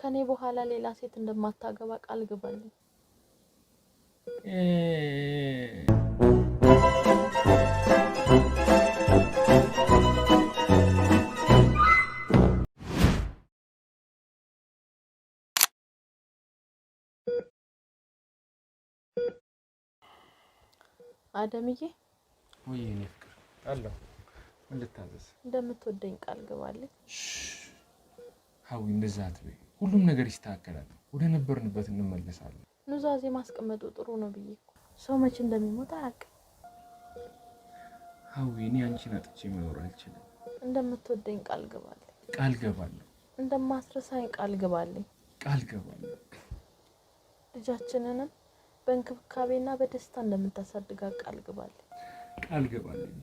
ከኔ በኋላ ሌላ ሴት እንደማታገባ ቃል ግባልኝ። አደምዬ፣ ወይ እኔ ፍቅር አለሁ እንድታዘዝ እንደምትወደኝ ቃል ግባለኝ። ሀዊ እንደዛ አትበይ። ሁሉም ነገር ይስተካከላል። ወደ ነበርንበት እንመለሳለን። ኑዛዜ ማስቀመጡ ጥሩ ነው ብዬ እኮ ሰው መቼ እንደሚሞት አያውቅም። ሀዊ እኔ አንቺን አጥቼ መኖር አልችልም። እንደምትወደኝ ቃል ግባለኝ። ቃል ገባለሁ። እንደማስረሳኝ ቃል ግባለኝ። ቃል ገባለሁ። ልጃችንንም በእንክብካቤና በደስታ እንደምታሳድጋ ቃል ግባለኝ። ቃል ገባለኝ።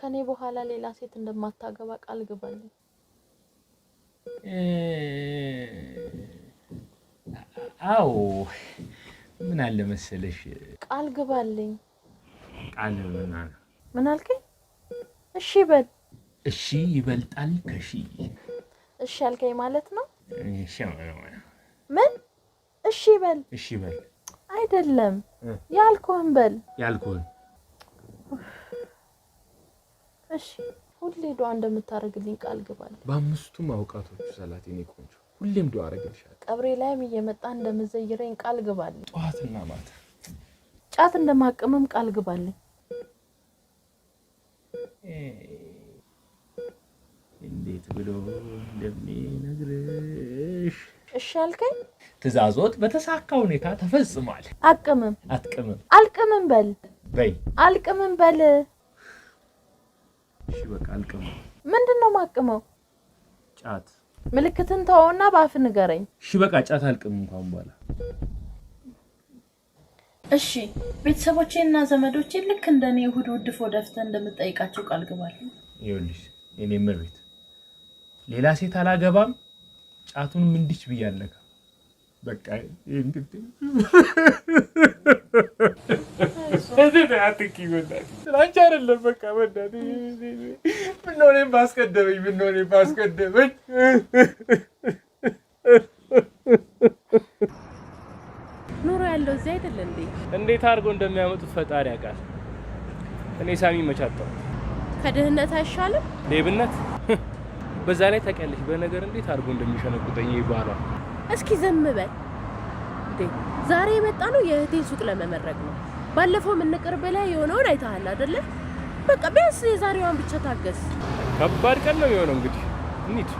ከኔ በኋላ ሌላ ሴት እንደማታገባ ቃል ግባልኝ። አዎ ምን አለ መሰለሽ፣ ቃል ግባልኝ። ቃል ምን አልከኝ? እሺ በል እሺ። ይበልጣል ከሺ። እሺ አልከኝ ማለት ነው። ምን እሺ በል እሺ በል አይደለም ያልኩህን በል ያልኩህን እሺ፣ ሁሌ ዱዓ እንደምታደርግልኝ ቃል ግባል። በአምስቱም አውቃቶቹ ሰላት የኔ ቆንጆ፣ ሁሌም ዱዓ አደርግልሻለሁ። ቀብሬ ላይም እየመጣ እንደምዘይረኝ ቃል ግባል። ጠዋትና ማታ ጫት እንደማቅምም ቃል ግባልኝ። እንዴት ብሎ እንደሚነግርሽ እሺ አልከኝ። ትእዛዞት በተሳካ ሁኔታ ተፈጽሟል። አቅምም አትቅምም አልቅምም በል በይ አልቅምም በል እሺ በቃ አልቅመው። ምንድን ነው ማቅመው? ጫት። ምልክትን ተወውና በአፍ ንገረኝ። እሺ በቃ ጫት አልቅም እንኳን በኋላ እሺ ቤተሰቦቼ እና ዘመዶቼ ልክ እንደኔ እኔ እሑድ ውድፎ ደፍተህ እንደምጠይቃቸው ቃል ግባል። ይኸውልሽ እኔ እመቤት ሌላ ሴት አላገባም፣ ጫቱንም እንዲች ብዬ በቃ በቃ አትኪኝ በእናትህ አንቺ አይደለም በቃ በእናትህ ምነው እኔም ባስቀደመኝ ምነው እኔም ባስቀደመኝ ኑሮ ያለው እዚህ አይደለ እንዴ እንዴት አድርገው እንደሚያመጡት ፈጣሪ ያውቃል እኔ ሳሚ መቻጣው ከድህነት አይሻልም ሌብነት በዛ ላይ ታውቂያለሽ በነገር እንዴት አድርጎ እንደሚሸነቁጠኝ ይባሏ እስኪ ዘም በል ዛሬ የመጣ ነው የእህቴን ሱቅ ለመመረቅ ነው ባለፈው የምንቅርብ ላይ የሆነውን አይተሃል አይደለ? በቃ ቢያንስ የዛሬዋን ብቻ ታገስ። ከባድ ቀን ነው የሆነው። እንግዲህ እንሂድ።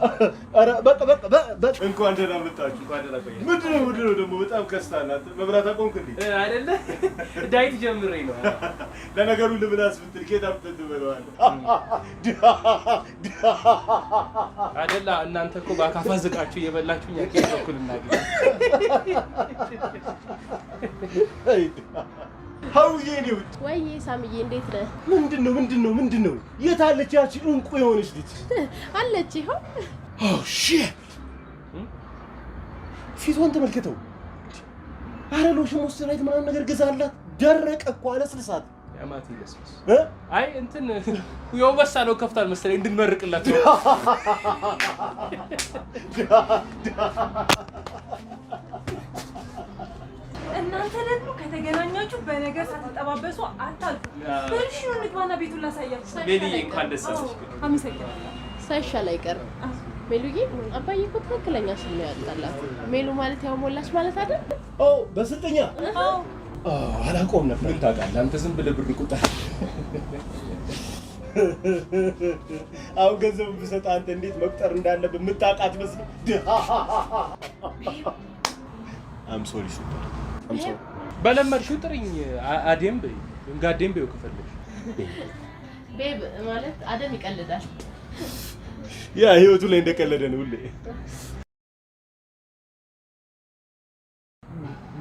ቤቶች እንኳን ደህና መጣችሁ። ምንድን ነው ምንድን ነው ደግሞ በጣም ከስታላት መብራት አቆምክ እንዴ? አይደለ ዳይት ጀምሬ ነው። ለነገሩ ልብላስ ብትል ጌታ ብትል ትበለዋለህ አይደለ? እናንተ እኮ በአካፋ ዝቃችሁ እየበላችሁ እኛ ኬት በኩል እናገኝ ሀውዬ ነው ወይ ሳምዬ፣ እንዴት ነህ? ምንድን ነው ምንድን ነው ምንድን ነው? የት አለች ያቺ እንቁ የሆነች ልጅ አለች? ይኸው ኦ ሺት ፊቷን ተመልክተው። አረ ሎሽን ሞይስቸራይት ምናምን ነገር ገዛላት። ደረቀ እኮ አለስልሳት። አይ እንትን በሳ ነው ከፍታል መሰለኝ እንድንመርቅላት እናንተ ደግሞ ከተገናኛችሁ በነገር ሳትጠባበሱ አታልፉ። በልሽ ነው። እንግባና ቤቱን ላሳያችሁ። እንኳን ደስ አለሽ። አመሰግናለሁ። ሳይሻል አይቀርም። ሜሉዬ አባዬ እኮ ትክክለኛ ስም ነው ያወጣላት። ሜሉ ማለት ያው ሞላች ማለት አይደል? አዎ፣ በስንተኛ አላውቀውም ነበር። ምን ታውቃለህ አንተ? ዝም ብለህ ብር ቁጠር። አሁን ገንዘብ ብሰጥህ አንተ እንዴት መቁጠር እንዳለብህ የምታውቃት መስሎህ። አም ሶሪ ሱፐር አም ሶሪ። በለመድሽው ጥሪኝ። አዴም በይ እንጋዴም በይው ከፈለግሽ ቤብ ማለት አደም ይቀልዳል። ያ ህይወቱ ላይ እንደቀለደ ነው ሁሌ።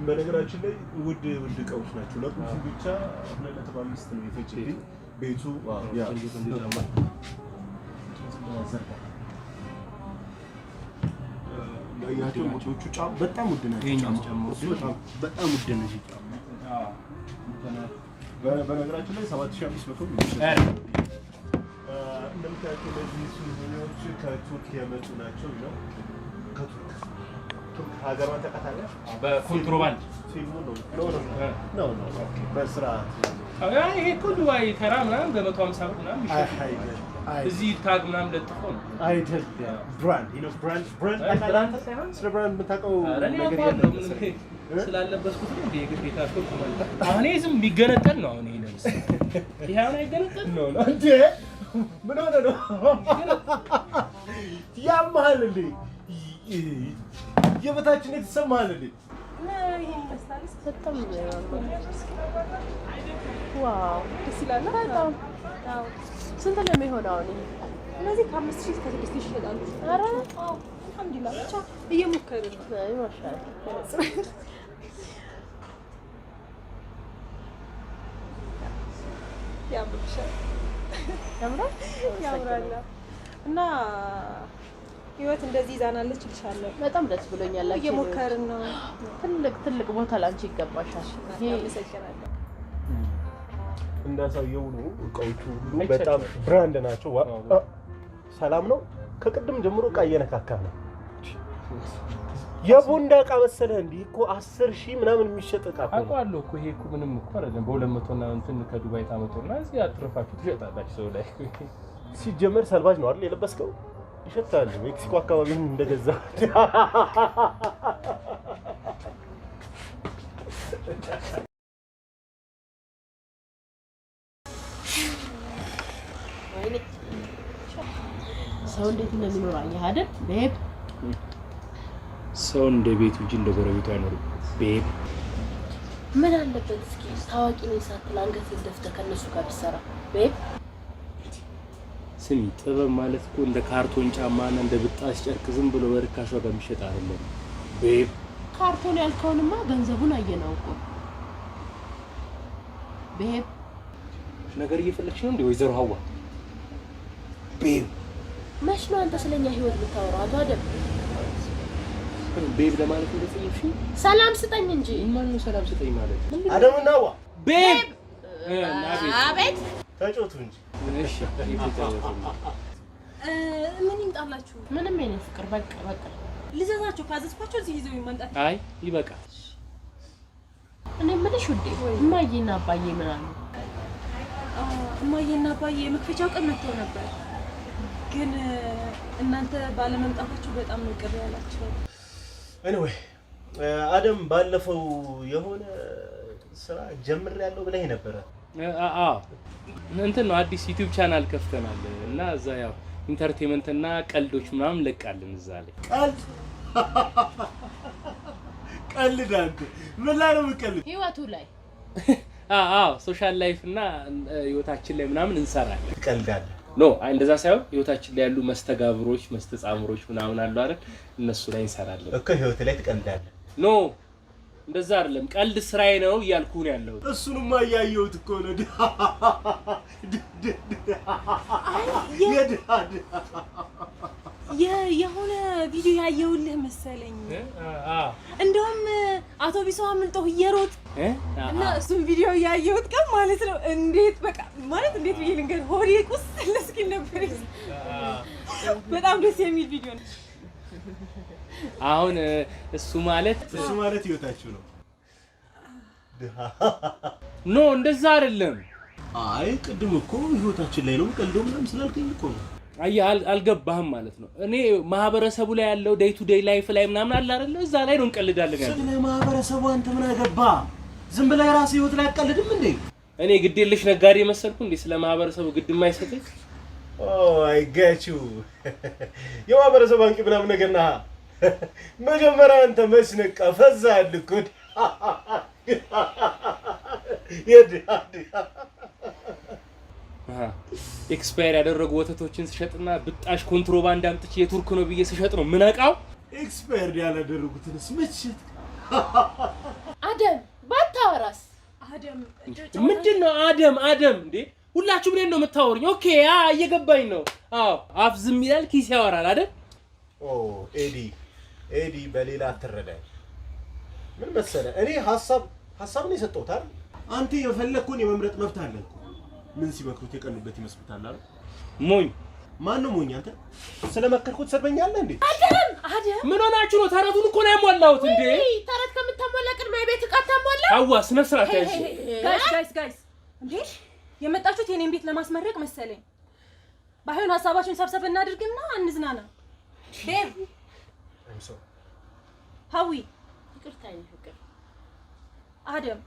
በነገራችን ላይ ውድ ውድ እቃዎች ናቸው። ለቁልፉ ብቻ ሁለት ነጥብ ነው የፈጀልኝ ቤቱ ያቸውቹ በጣም ውድ ናቸው። በጣም ውድ ነው። በነገራችን ላይ ሰባት ሺህ አምስት መቶ እንደምታያቸው እነዚህ ሱሪዎች ከቱርክ የመጡ ናቸው ነው። ከቱርክ ቱርክ ሀገሯን ታውቃታለህ? በኮንትሮባንድ ፊልሙ ነው። በስርዓት ይሄ እኮ ዱባይ ተራ ምናምን በመቶ ሀምሳ ምናምን እዚህ ታግ ምናምን ለጥፎ ነው አይደል? ስለ ብራንድ የምታውቀው ነገር የለም ስላለበስኩት ነው። የግዴታ አሁን ዝም የሚገነጠል ነው። አሁን ይሄ ለምሳሌ ይሄ አሁን አይገነጠል ነው ነው ምን ሆነ ነው ያመሃል እንዴ? የበታችን የተሰማሃል እንዴ? ደስ ስንት ነው የሚሆነው? እነዚህ ከአምስት ሺህ እስከ ስድስት ሺህ ይሸጣሉ። ኧረ አልሀምድሊላሂ ብቻ እየሞከርን ነው። ያምርሻል ያምራል እና ህይወት እንደዚህ ይዛናለች እልሻለሁ። በጣም ደስ ብሎኛል። እየሞከርን ነው። ትልቅ ትልቅ ቦታ ላንቺ ይገባሻል። አመሰግናለሁ። እንዳሳየው ነው። እቃዎቹ ሁሉ በጣም ብራንድ ናቸው። ሰላም ነው። ከቅድም ጀምሮ እቃ እየነካካ ነው። የቦንዳ ዕቃ መሰለህ እንዴ? እኮ አስር ሺህ ምናምን የሚሸጥ ዕቃ አውቃለሁ እኮ ይሄ እኮ ምንም እኮ አይደለም። በሁለት መቶ እና እንትን ከዱባይ እና እዚህ አትርፋችሁ ትሸጣላችሁ ሰው ላይ። ሲጀመር ሰልባጅ ነው አይደል የለበስከው? ይሸጣል። ሜክሲኮ አካባቢ እንደገዛ ሰው እንዴት እንደሚኖር አየህ አይደል? ሰው እንደ ቤቱ እንጂ እንደ ጎረቤቱ አይኖርም። ቤት ምን አለበት? እስኪ ታዋቂ ነኝ ሳትል አንገት ደፍተህ ከነሱ ጋር ብትሰራ። ቤት ስሚ፣ ጥበብ ማለት እኮ እንደ ካርቶን ጫማና እንደ ብጣስ ጨርቅ ዝም ብሎ በርካሽ ዋጋ የሚሸጥ አይደለም። ቤት ካርቶን ያልከውንማ ገንዘቡን አየነው እኮ። ቤት ነገር እየፈለግሽ ነው እንዴ ወይዘሮ ሀዋ? ቤት መች ነው አንተ ስለኛ ህይወት የምታወራው? አቶ አደም ቤብ ለማለት እንደጽፍሽ ሰላም ስጠኝ እንጂ ማን ነው ሰላም ስጠኝ ማለት? አደሙና ዋ ቤብ አቤት ተጮቱ እንጂ እሺ። ምን ይምጣላችሁ? ምንም የኔ ፍቅር በቃ በቃ ልዘዛቸው ካዘዝኳቸው እዚህ ይዘው ይመጣል። አይ ይበቃል። እኔ ምንሽ ውዴ እማዬና አባዬ ምን አሉ? እማዬና አባዬ መክፈቻው ቀን መጥተው ነበር፣ ግን እናንተ ባለመምጣታችሁ በጣም ነው ቅር ያላቸው። ኤኒዌይ አደም uh, ባለፈው የሆነ ስራ ጀምር ያለው ብለህ ነበረ። አዎ እንትን ነው አዲስ ዩቲዩብ ቻናል ከፍተናል እና እዛ ያው ኢንተርቴንመንት እና ቀልዶች ምናምን ለቃለን እዛ ላይ ቀልድ ቀልድ አንተ ምን ላይ ነው የምትቀልድ? ህይወቱ ላይ አዎ ሶሻል ላይፍ እና ህይወታችን ላይ ምናምን እንሰራለን። ትቀልዳለህ ኖ እንደዛ ሳይሆን ህይወታችን ላይ ያሉ መስተጋብሮች፣ መስተጻምሮች ምናምን አሉ አይደል? እነሱ ላይ እንሰራለን እኮ ህይወት ላይ ትቀልዳለህ ኖ እንደዛ አይደለም፣ ቀልድ ስራዬ ነው እያልኩ ነው ያለው። እሱንማ እያየሁት እኮ ነው። የሆነ ቪዲዮ ያየሁልህ መሰለኝ። እንደውም አውቶቢሱ አምልጦህ እየሮጥ እና እሱን ቪዲዮ ያየሁት ቀን ማለት ነው። እንዴት በቃ ማለት እንዴት ብዬ ልንገርህ፣ ሆዴ ቁስል እስኪል ነበር። በጣም ደስ የሚል ቪዲዮ ነው። አሁን እሱ ማለት እሱ ማለት ህይወታችሁ ነው። ኖ እንደዛ አይደለም። አይ ቅድም እኮ ህይወታችን ላይ ነው ቀልዶም ምናምን ስላልከኝ እኮ ነው። አየህ አልገባህም ማለት ነው። እኔ ማህበረሰቡ ላይ ያለው ዴይ ቱ ዴይ ላይፍ ላይ ምናምን አለ አይደለ? እዛ ላይ ነው እንቀልዳለን ያለው። ስለ ማህበረሰቡ አንተ ምን አገባ? ዝም ብለህ ራስህ ህይወት ላይ አትቀልድም እንዴ? እኔ ግዴለሽ ነጋዴ መሰልኩ እንዴ? ስለ ማህበረሰቡ ግድ የማይሰጥህ አይጋችሁ oh, የማህበረሰብ አንቂ ምናምን ነገር ና መጀመሪያ አንተ መች ፈዛ ልኩድ ኤክስፓየር ያደረጉ ወተቶችን ስሸጥና ብጣሽ ኮንትሮባንድ አምጥቼ የቱርክ ነው ብዬ ስሸጥ ነው ምነቃው። ኤክስፓየር ያላደረጉትንስ መችት አደም ባታወራስ አደም ምንድን ነው አደም አደም እንዴ ሁላችሁ ምን ነው የምታወሩኝ? ኦኬ አ እየገባኝ ነው። አዎ አፍ ዝም ይላል ኪስ ያወራል አይደል? ኦ ኤዲ ኤዲ በሌላ አትረዳኝ። ምን መሰለህ እኔ ሀሳብ ሀሳብ ነው የሰጠሁት አይደል? አንተ የፈለግከውን የመምረጥ መብት አለ ምን ሲመክሩት የቀኑበት ይመስሉታል አይደል? ሞኝ ማን ነው ሞኝ? አንተ ስለመከርኩት ትሰርበኛለህ እንዴ? አደም አደም፣ ምን ሆናችሁ ነው? ተረቱን እኮ ነው ያሟላሁት እንዴ። ተረት ከምታሟላ ቅድሚያ ቤት ዕቃ ታሟላ። አዋ ስነ ስርዓት ያይሽ። ጋይስ ጋይስ ጋይስ እንዴ የመጣችሁት የኔን ቤት ለማስመረቅ መሰለኝ። ባይሆን ሀሳባችሁን ሰብሰብ እናድርግና እንዝናና። ቤብ ሀዊ፣ ይቅርታ ፍቅር፣ አደም።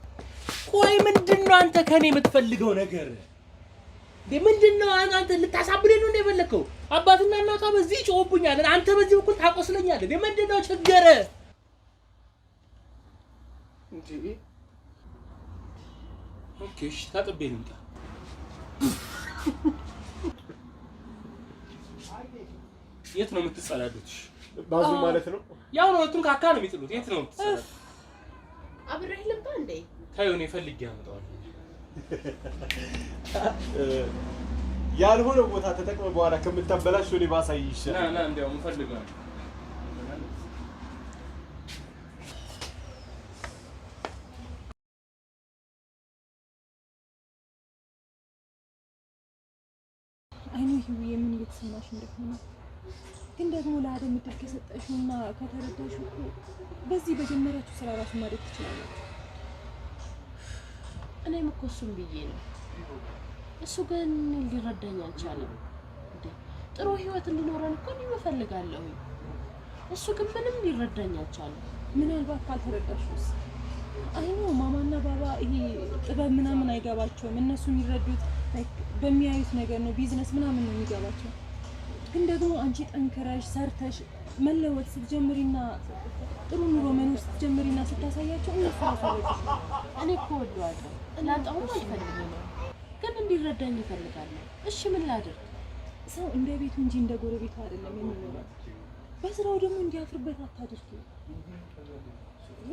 ቆይ ምንድን ነው አንተ ከኔ የምትፈልገው ነገር ምንድን ነው? አንተ ልታሳብደኝ ነው የፈለግከው? አባትና እናቷ በዚህ ጮሁብኛል፣ አንተ በዚህ በኩል ታቆስለኛለህ። ምንድን ነው ችግር? ታጥቤ ልምጣ የት ነው የምትጸዳዱት? ባዙ ማለት ነው። ያው ነው ካካ ነው የሚጥሉት። የት ነው የምትጸዳዱት? ልምጣ እንዴ? ያልሆነ ቦታ ተጠቅመህ በኋላ ከምታበላሽ እኔ ና ና፣ አይኑ ይሁን የምን እየተሰማሽ እንደሆነ ግን ደግሞ ለአደም ምድር ከሰጠሽውና ከተረዳሽው እኮ በዚህ በጀመረችው ስራ ራሱ ማደግ ትችላላችሁ። እኔም እኮ እሱም ብዬ ነው። እሱ ግን ሊረዳኝ አልቻለም። ጥሩ ህይወት እንዲኖረን እኮ እኔም እፈልጋለሁ። እሱ ግን ምንም ሊረዳኝ አልቻለም። ምናልባት ካልተረዳሽውስ? አይኑ ማማና ባባ ይሄ ጥበብ ምናምን አይገባቸውም። እነሱ የሚረዱት በሚያዩት ነገር ነው ቢዝነስ ምናምን ነው የሚገባቸው። ግን ደግሞ አንቺ ጠንክረሽ ሰርተሽ መለወጥ ስትጀምሪና ጥሩ ኑሮ መኖር ስትጀምሪና ስታሳያቸው እነሱ ያሳለች እኔ እኮ ወደዋለሁ ላጣሁም አልፈልግም ነው ግን እንዲረዳኝ ይፈልጋለ። እሺ ምን ላድርግ? ሰው እንደ ቤቱ እንጂ እንደ ጎረቤቱ አይደለም የሚኖረው። በስራው ደግሞ እንዲያፍርበት አታድርጉ።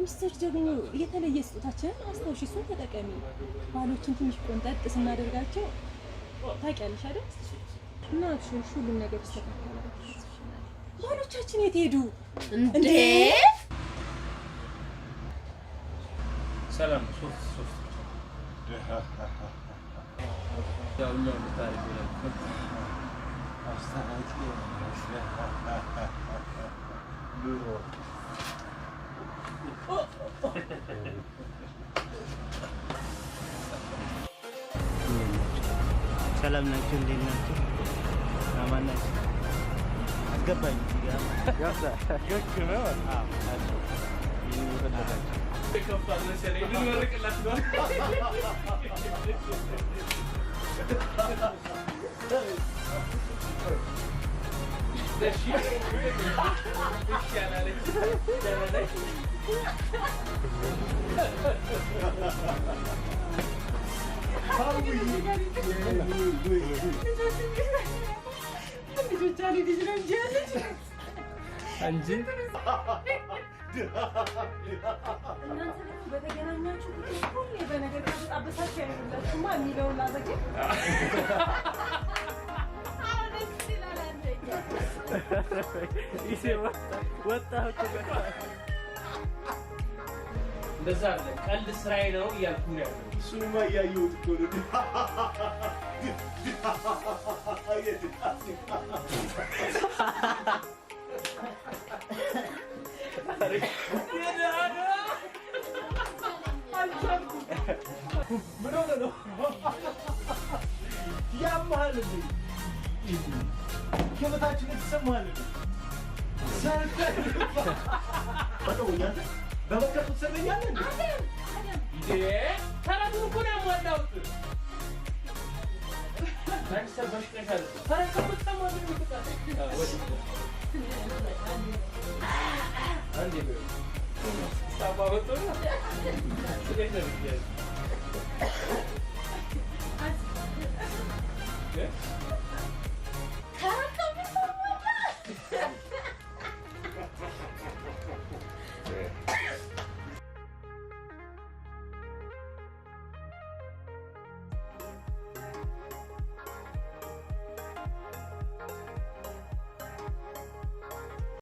ሚስተር ደግሞ የተለየ ስጦታችንን አስታውሽ እሱን ተጠቀሚ። ባሎችን ትንሽ ቆንጠጥ ስናደርጋቸው ታውቂያለሽ አይደል? እናትሽን ሁሉም ነገር ይስተካከላል። ባሎቻችን የት ሄዱ እንዴ? ሰላም ሶፍት ሶፍት Salam lang yung din natin. Naman na siya. Agapan. Agapan. Good girl. Ah, that's true. Pick up on the channel. Hancı. በተገናኛችሁ ጊዜ ሁሌ በነገራችሁ አበሳችሁ ያደርጉላችሁማ የሚለው ላዘግ ይሴ ወጣሁ እንደዛ አለ። ቀልድ ስራዬ ነው እያልኩ ነው ያለው። እሱንማ እያየሁት እኮ ነው። ምን ሆነ ነው ያመሃል እንዴ? ከበታችን በመስቀል ትሰርበኛለህ? አደም አደም ይዴ ተራቱን እኮ ነው ያሟላሁት። አንቺ ሰበሽ ቀሻል ተረከ ብትሰማ ምን ምትቀር አንዴ ነው ሳባወጡ ስለዚህ ነው ያለው